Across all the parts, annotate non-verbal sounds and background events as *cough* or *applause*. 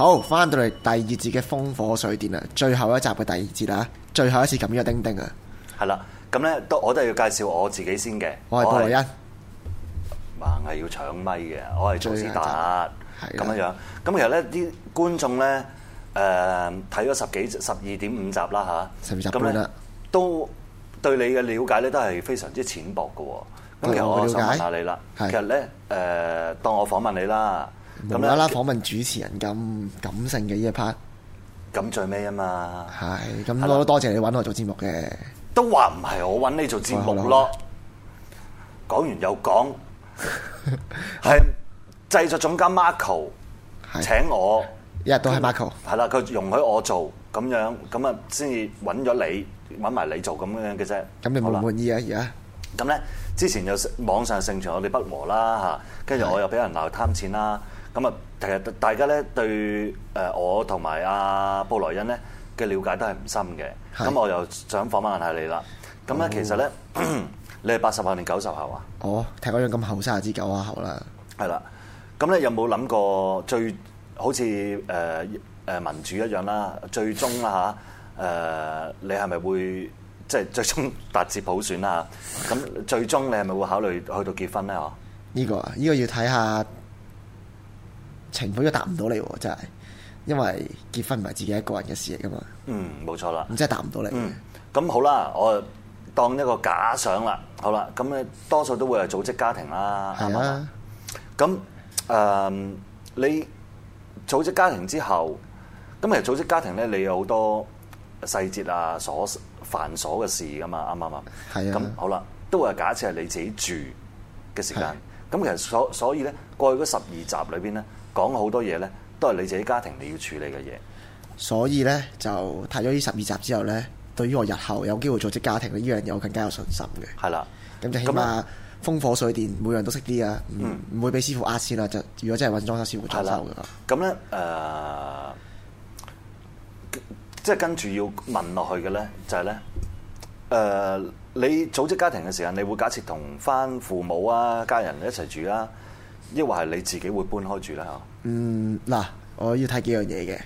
好，翻到嚟第二節嘅風火水電啊，最後一集嘅第二節啦，最後一次咁嘅叮叮啊，係啦，咁咧都我都要介紹我自己先嘅，我係布萊恩，硬係要搶咪嘅，我係曹撕達，係咁樣樣。咁的其實咧啲觀眾咧，誒睇咗十幾十二點五集啦吓，十二集半啦，呢的都對你嘅了解咧都係非常之淺薄嘅。咁其實我想問下你啦，的其實咧誒、呃、當我訪問你啦。無啦啦訪問主持人咁感性嘅呢一 part，咁最尾啊嘛，係咁多謝你搵我做節目嘅，都話唔係我搵你做節目咯，講完又講，係製 *laughs* 作總監 Marco 對請我，一日都係 Marco，係啦佢容許我做咁樣，咁啊先至揾咗你，搵埋你做咁樣嘅啫，咁你滿唔滿意啊而家？咁咧吧在之前又網上盛傳我哋不和啦吓，跟住我又俾人鬧貪錢啦。咁啊，其實大家咧對誒我同埋阿布萊恩咧嘅了解都係唔深嘅，咁是我又想訪問下你啦。咁咧、哦、其實咧，你係八十後定九十後啊？哦，踢嗰樣咁後生啊，之九啊後啦。係啦，咁咧有冇諗過最好似誒誒民主一樣啦，最終啦嚇誒，你係咪會即係最終達至普選啊？咁最終你係咪會考慮去到結婚咧？哦、呢個，呢個啊，呢個要睇下。情況都答唔到你喎，真係，因為結婚唔係自己一個人嘅事嚟噶嘛。嗯，冇錯啦。真係答唔到你。嗯，咁好啦，我當一個假想啦，好啦，咁咧多數都會係組織家庭啦，啱唔啱？咁誒，你組織家庭之後，咁其實組織家庭咧，你有好多細節啊、鎖繁瑣嘅事噶嘛，啱唔啱？係啊。咁是、啊、好啦，都會係假設係你自己住嘅時間。咁其實所所以咧，以過去嗰十二集裏邊咧，講好多嘢咧，都係你自己家庭你要處理嘅嘢。所以咧，就睇咗呢十二集之後咧，對於我日後有機會組織家庭呢樣嘢，我更加有信心嘅。係啦的。咁就起碼風火水電、嗯、每樣都識啲啊，唔唔會俾師傅呃錢啦。就如果真係揾裝修師傅裝修嘅。係啦。咁咧，誒、呃，即、就、係、是、跟住要問落去嘅咧、就是，就係咧，誒。你組織家庭嘅時候，你會假設同翻父母啊家人一齊住啦、啊，抑或係你自己會搬開住啦、啊？嚇，嗯，嗱，我要睇幾樣嘢嘅。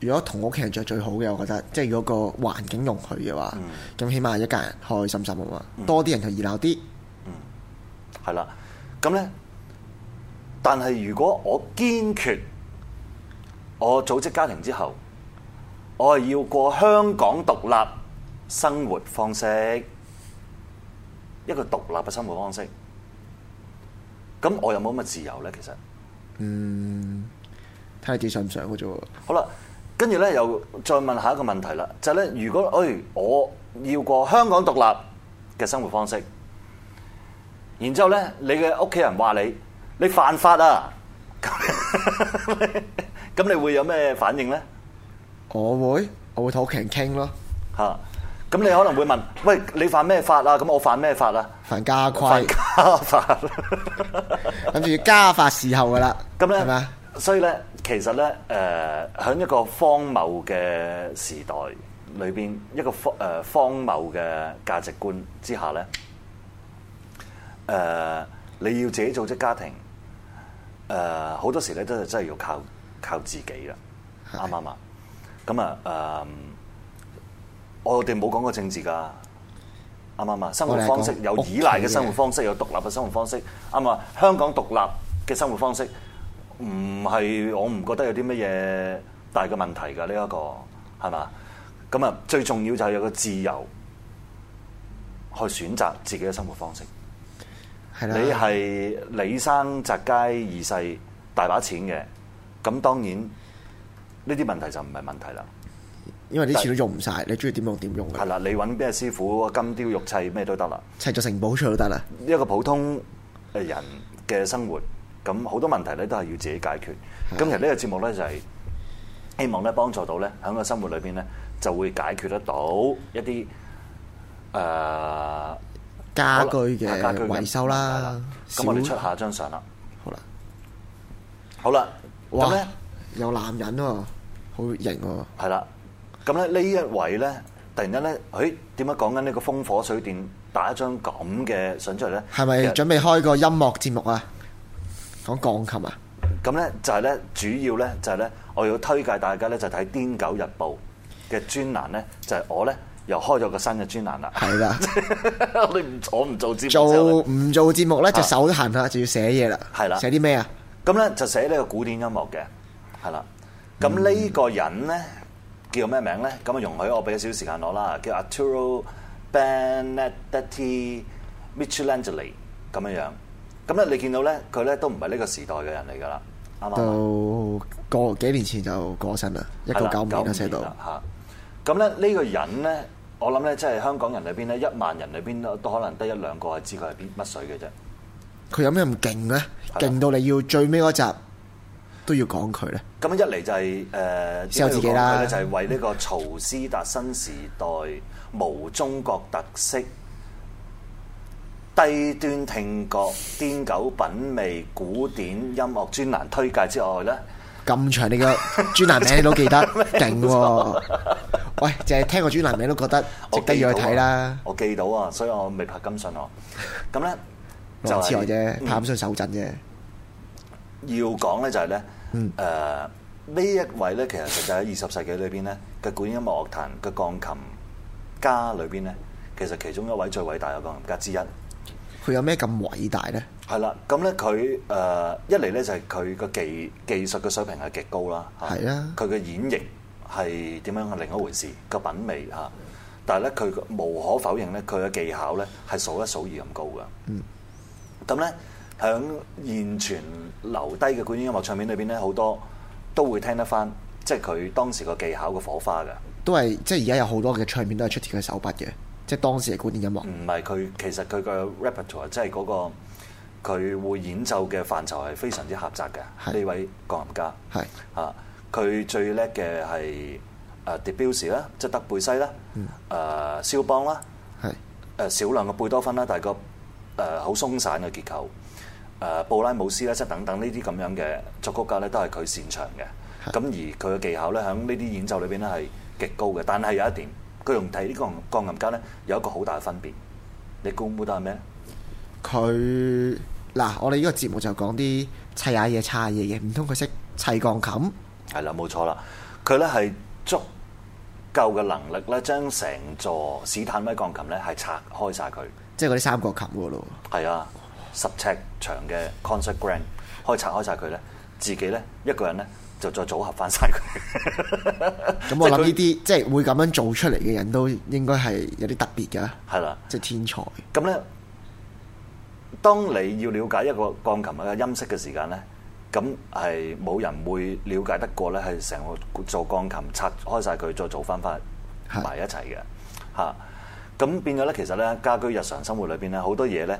如果同屋企人住最好嘅，我覺得，即係如果個環境容許嘅話，咁、嗯、起碼一家人開開心心啊嘛，多啲人就熱鬧啲。嗯，係啦，咁咧，但係如果我堅決，我組織家庭之後，我係要過香港獨立。生活方式，一個獨立嘅生活方式，咁我有冇咁嘅自由咧？其實，嗯，睇下自己想唔想嘅啫喎，好啦，跟住咧又再問下一個問題啦，就咧、係、如果誒、哎、我要過香港獨立嘅生活方式，然之後咧你嘅屋企人話你你犯法啊，咁你， *laughs* 你會有咩反應咧？我會，我會同屋企人傾咯，嚇。 *laughs* 咁你可能會問：喂，你犯咩法啊？咁我犯咩法啊？犯家規，犯家法，諗住家法伺候噶啦。咁咧呢，嗎所以咧，其實咧，誒、呃，喺一個荒謬嘅時代裏邊，一個荒、呃、荒謬嘅價值觀之下咧，誒、呃，你要自己組織家庭，誒、呃，好多時咧都係真係要靠靠自己啦，啱唔啱啊？咁啊，誒、呃。我哋冇講過政治㗎，啱唔啱啊？生活方式有依賴嘅生活方式，吧，有獨立嘅生活方式。啱嘛？香港獨立嘅生活方式，唔係，我唔覺得有啲乜嘢大嘅問題㗎。呢一個係嘛？咁啊，最重要就係有個自由去選擇自己嘅生活方式。係啦，你係李生宅街二世大把錢嘅，咁當然呢啲問題就唔係問題啦。因為呢次都用唔晒是，你中意點用點用嘅。係啦，你揾邊個師傅金雕玉砌咩都得啦，砌座城堡出去都得啦。一個普通誒人嘅生活，咁好多問題咧都係要自己解決。咁的其實這個節呢個節目咧就係、是、希望咧幫助到咧喺個生活裏邊咧就會解決得到一啲誒、呃、家居嘅維修啦。咁我哋出一下張相啦。好啦了，好啦，呢哇，有男人喎，好型啊。係啦、啊。咁咧呢一位咧，突然間咧，誒點解講緊呢個風火水電打一張咁嘅相出嚟咧？係咪準備開個音樂節目啊？講鋼琴啊？咁咧就係咧，主要咧就係咧，我要推介大家咧就睇《癲狗日報》嘅專欄咧，就係我咧又開咗個新嘅專欄啦是的。 *laughs* 係啦，你唔坐唔做節目，做唔做節目咧是的 就手都閒下是的 就要寫嘢啦。係啦，寫啲咩啊？咁咧就寫呢個古典音樂嘅，係啦。咁呢個人咧？嗯叫咩名咧？咁啊，容許我俾少少時間攞啦。叫 Arturo Benedetti Michelangeli 咁樣樣。咁咧，你見到咧，佢咧都唔係呢個時代嘅人嚟㗎啦，啱唔啱？到個幾年前就過身啦，吧一九九五年得啊，寫到嚇。咁咧，呢個人咧，我諗咧，即係香港人裏邊咧，一萬人裏邊都都可能得一兩個係知佢係邊乜水嘅啫。佢有咩咁勁咧？勁吧到你要最尾嗰集。都要講佢咧，咁一嚟就係誒，都要講佢咧，就係為呢個曹撕達新時代無中國特色低端聽覺癲狗品味古典音樂專欄推介之外咧，咁長你嘅專欄名都記得，勁喎！喂，淨係聽個專欄名都覺得值得要去睇啦。我記到啊，所以我未拍金信我。咁咧就之外啫，拍金信手震啫。要講咧就係咧。誒呢、嗯 uh, 一位咧，其實實際喺二十世紀裏邊咧，嘅古音樂樂壇嘅鋼琴家裏邊咧，其實其中一位最偉大嘅鋼琴家之一。佢有咩咁偉大咧？係啦，咁咧佢誒一嚟咧就係佢嘅技技術嘅水平係極高啦。係的啊，佢嘅演繹係點樣係另一回事，個品味吓。但係咧，佢無可否認咧，佢嘅技巧咧係數一數二咁高㗎。嗯呢，咁咧。響現存留低嘅古典音樂唱片裏邊咧，好多都會聽得翻，即係佢當時個技巧嘅火花嘅。都係即係，而家有好多嘅唱片都係出自佢嘅手筆嘅，即係當時嘅古典音樂。唔係佢其實佢嘅 repertoire 即係嗰個佢會演奏嘅範疇係非常之狹窄嘅。呢是位鋼琴家係是啊，佢最叻嘅係誒 Debussy 啦，呃、ussy, 即係德貝西啦，誒肖、嗯呃、邦啦，係誒少量嘅貝多芬啦，大概誒好、呃、鬆散嘅結構。誒布拉姆斯咧，即等等呢啲咁樣嘅作曲家咧，都係佢擅長嘅。咁是的 而佢嘅技巧咧，喺呢啲演奏裏邊咧係極高嘅。但係有一點，佢用第二個鋼琴家咧有一個好大嘅分別。你估唔估得係咩？佢嗱，我哋呢個節目就講啲砌下嘢、拆下嘢嘢，唔通佢識砌鋼琴？係啦，冇錯啦。佢咧係足夠嘅能力咧，將成座史坦威鋼琴咧係拆開晒佢，即係嗰啲三角琴嘅咯。係啊。十尺長嘅 concert grand，可以拆開晒佢咧，自己咧一個人咧就再組合翻晒佢。咁 *laughs* 我諗呢啲即係會咁樣做出嚟嘅人都應該係有啲特別㗎，係啦的，即係天才。咁咧，當你要了解一個鋼琴嘅音色嘅時間咧，咁係冇人會了解得過咧，係成個做鋼琴拆開晒佢再做翻翻埋一齊嘅嚇。咁變咗咧，其實咧家居日常生活裏邊咧好多嘢咧。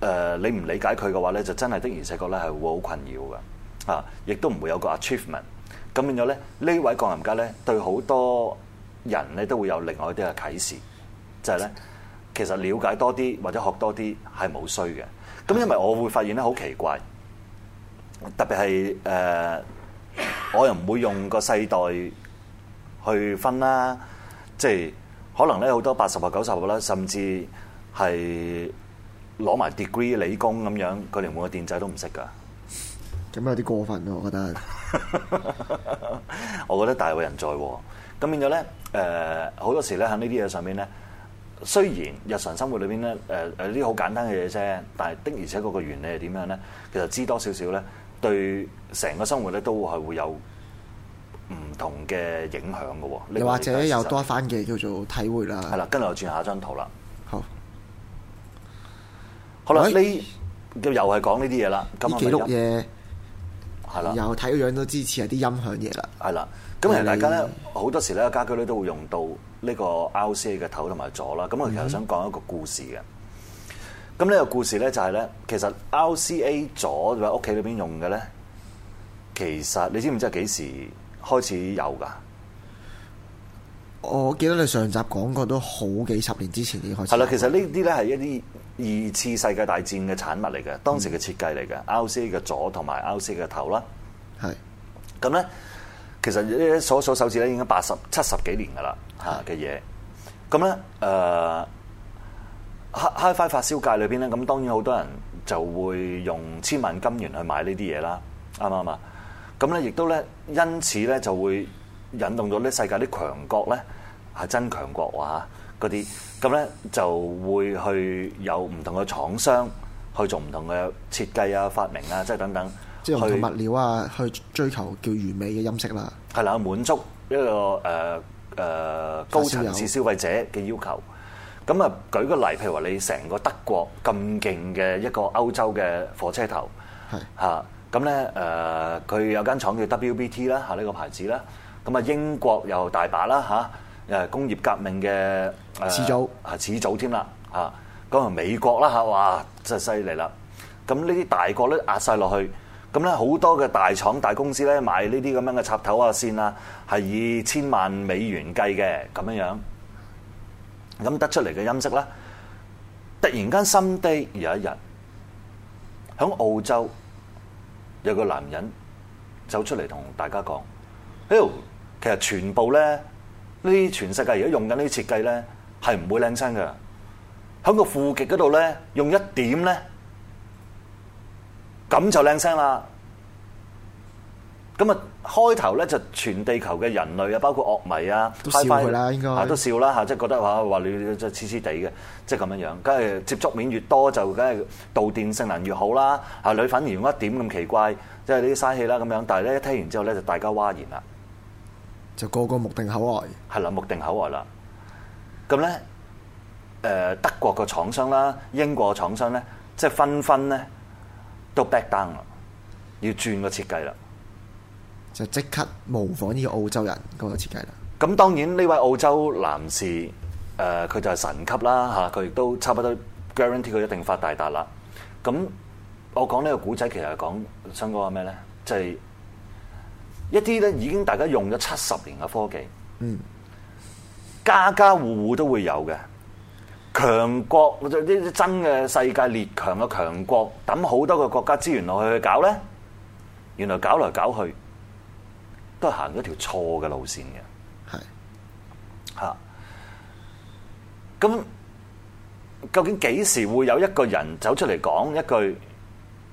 誒，你唔理解佢嘅話咧，就真係的確，細個咧係會好困擾嘅，啊，亦都唔會有個 achievement。咁變咗咧，呢位鋼琴家咧，對好多人咧都會有另外一啲嘅啟示，就係咧，其實了解多啲或者學多啲係冇衰嘅。咁因為我會發現咧好奇怪，特別係誒，我又唔會用個世代去分啦，即係可能咧好多八十或九十個啦，甚至係。攞埋 degree 理工咁樣，佢連每個電掣都唔識噶，咁有啲過分咯，我覺得。我覺得大有人在喎，咁變咗咧，好多時咧喺呢啲嘢上面咧，雖然日常生活裏面咧，呢啲好簡單嘅嘢啫，但係的而且確個原理係點樣咧？其實知多少少咧，對成個生活咧都係會有唔同嘅影響嘅。又或者有多一番嘅叫做體會啦。係啦，跟住我轉下張圖啦。可能呢又係講呢啲嘢啦，咁記錄嘢係啦，是是的又睇個樣都支持啊！啲、就是、音響嘢啦，係啦的。咁其實大家咧好你多時咧家居咧都會用到呢個 RCA 嘅頭同埋座啦。咁我、嗯、哼其實想講一個故事嘅。咁呢個故事咧就係、是、咧，其實 RCA 座喺屋企裏邊用嘅咧，其實你知唔知係幾時開始有噶？我記得你上集講過都好幾十年之前已經開始。係啦，其實呢啲咧係一啲。二次世界大戰嘅產物嚟嘅，當時嘅設計嚟嘅，RCA 嘅座同埋 RC 嘅頭啦，係咁咧。其實呢數一數手指咧，已經八十七十幾年噶啦嚇嘅嘢。咁咧誒 Hi-Fi 發燒界裏邊咧，咁當然好多人就會用千萬金元去買呢啲嘢啦，啱唔啱啊？咁咧亦都咧，因此咧就會引動咗呢世界啲強國咧，係真強國喎嗰啲咁咧就會去有唔同嘅廠商去做唔同嘅設計啊、發明啊，即係等等即係去物料啊，去追求叫完美嘅音色啦。係啦，滿足一個誒誒高層次消費者嘅要求。咁啊，舉個例，譬如話你成個德國咁勁嘅一個歐洲嘅火車頭，係嚇咁咧誒，佢有間廠叫 WBT 啦嚇，呢個牌子啦。咁啊，英國又大把啦嚇，誒工業革命嘅。始、呃、祖啊，始、呃、祖添啦啊！咁、嗯、美國啦嚇，哇，真係犀利啦！咁呢啲大國咧壓晒落去，咁咧好多嘅大廠大公司咧買呢啲咁樣嘅插頭啊線啊，係以千萬美元計嘅咁樣樣，咁、嗯、得出嚟嘅音色啦，突然間心低有一日，喺澳洲有個男人走出嚟同大家講：屌、hey，其實全部咧，呢全世界而家用緊呢啲設計咧。係唔會靚聲嘅，喺個負極嗰度咧，用一點咧，咁就靚聲啦。咁啊，開頭咧就全地球嘅人類啊，包括樂迷啊，都笑佢啦，應該都笑啦，吓即係覺得話話、啊、你即係黐黐地嘅，即係咁樣樣。梗係接觸面越多就梗係導電性能越好啦。啊，女粉而用一點咁奇怪，即係呢啲嘥氣啦咁樣。但係咧，一聽完之後咧就大家嘩然啦，就個個目定口呆。係啦，目定口呆啦。咁咧，誒、呃、德國嘅廠商啦、英國嘅廠商咧，即係紛紛咧都 back down 啦，要轉個設計啦，就即刻模仿呢個澳洲人個設計啦。咁當然呢位澳洲男士誒，佢、呃、就係神級啦嚇，佢亦都差不多 guarantee 佢一定發大達啦。咁我講呢個古仔其實係講想講話咩咧？就係、是、一啲咧已經大家用咗七十年嘅科技，嗯。家家戶戶都會有嘅強國，呢啲真嘅世界列強嘅強國，等好多個國家資源落去去搞咧，原來搞來搞去都行咗條錯嘅路線嘅，係嚇是的、啊。咁究竟幾時會有一個人走出嚟講一句，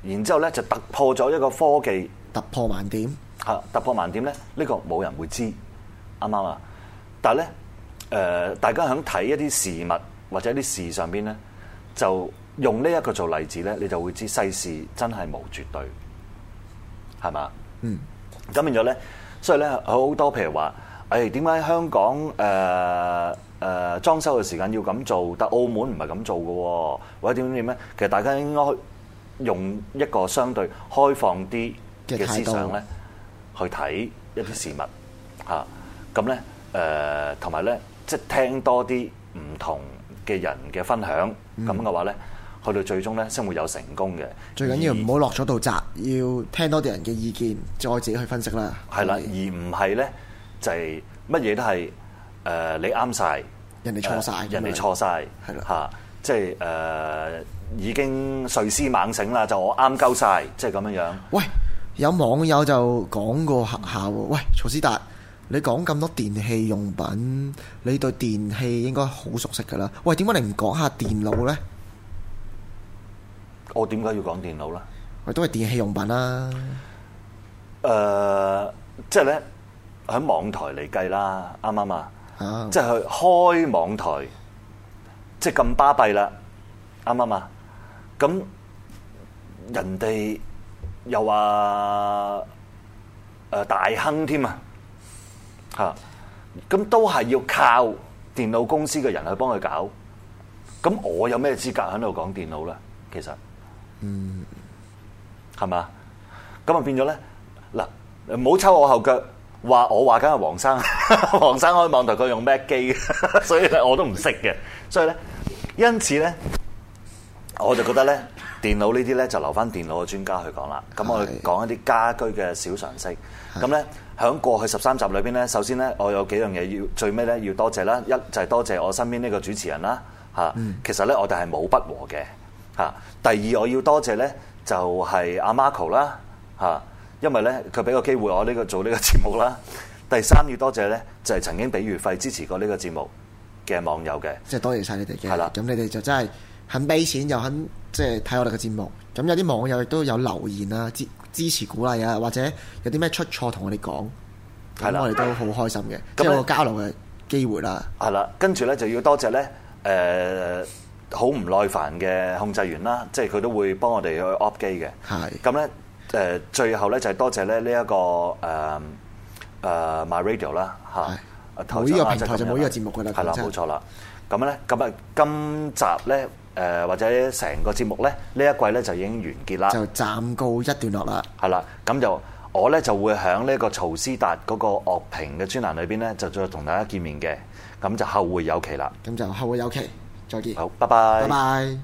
然之後咧就突破咗一個科技突破萬點嚇、啊？突破萬點咧，呢、這個冇人會知啱唔啱啊？但係咧。誒，大家響睇一啲事物或者一啲事上邊咧，就用呢一個做例子咧，你就會知世事真係無絕對，係嘛？嗯，咁變咗咧，所以咧好多譬如話，誒點解香港誒誒裝修嘅時間要咁做，但澳門唔係咁做嘅？或者點點點咧？其實大家應該用一個相對開放啲嘅思想咧，去睇一啲事物嚇，咁咧誒，同埋咧。嗯呃即係聽多啲唔同嘅人嘅分享，咁嘅、嗯、話呢，去到最終呢，先會有成功嘅。最緊要唔好落咗道閘，而要聽多啲人嘅意見，再自己去分析啦。係啦的，嗯、而唔係呢，就係乜嘢都係誒、呃、你啱晒，人哋錯晒，呃、人哋錯晒，係啦吓，即係誒、呃、已經睡獅猛醒啦，就我啱鳩晒，即係咁樣樣。喂，有網友就講過下下喎，喂，曹撕達。你講咁多電器用品，你對電器應該好熟悉噶啦。喂，點解你唔講下電腦咧？我點解要講電腦啦？喂，都係電器用品啦。誒、呃，即係咧喺網台嚟計啦，啱啱啊？即係、oh. 去開網台，即係咁巴閉啦，啱啱啊？咁人哋又話誒、呃、大亨添啊！吓，咁、嗯、都係要靠電腦公司嘅人去幫佢搞，咁我有咩資格喺度講電腦咧？其實，嗯，係咪啊？咁啊變咗咧？嗱，唔好抽我後腳，話我話緊係黃生，黃生開網台佢用 Mac 機，所以咧我都唔識嘅，所以咧，因此咧，我就覺得咧。電腦這些呢啲咧就留翻電腦嘅專家去講啦。咁我哋講一啲家居嘅小常識。咁咧喺過去十三集裏邊咧，首先咧我有幾樣嘢要最尾咧要多謝啦。一就係、是、多謝我身邊呢個主持人啦。嚇，嗯、其實咧我哋係冇不和嘅。嚇，第二我要多謝咧就係、是、阿 Marco 啦。嚇，因為咧佢俾個機會我呢、這個做呢個節目啦。 *laughs* 第三要多謝咧就係、是、曾經俾月費支持過呢個節目嘅網友嘅。即係多謝晒你哋嘅。係啦，咁你哋就真係。很俾錢又肯即係睇我哋嘅節目，咁有啲網友亦都有留言啊、支支持鼓勵啊，或者有啲咩出錯同的我哋講，係啦，我哋都好開心嘅，咁有個交流嘅機會啦。係啦，跟住咧就要多謝咧誒好唔耐煩嘅控制員啦，即係佢都會幫我哋去 Opt 機嘅。係咁咧誒，最後咧就係多謝咧呢一個、呃、誒誒、呃、My Radio 啦嚇。的每一個平台就冇呢個節目嘅啦，係啦的，冇、就是、錯啦。咁咧咁日今集咧。誒或者成個節目呢，呢一季呢就已經完結啦，就暫告一段落啦。係啦，咁就我呢就會喺呢個曹撕達嗰個樂評嘅專欄裏面呢，就再同大家見面嘅，咁就後會有期啦。咁就後會有期，再見。好，拜拜。拜拜。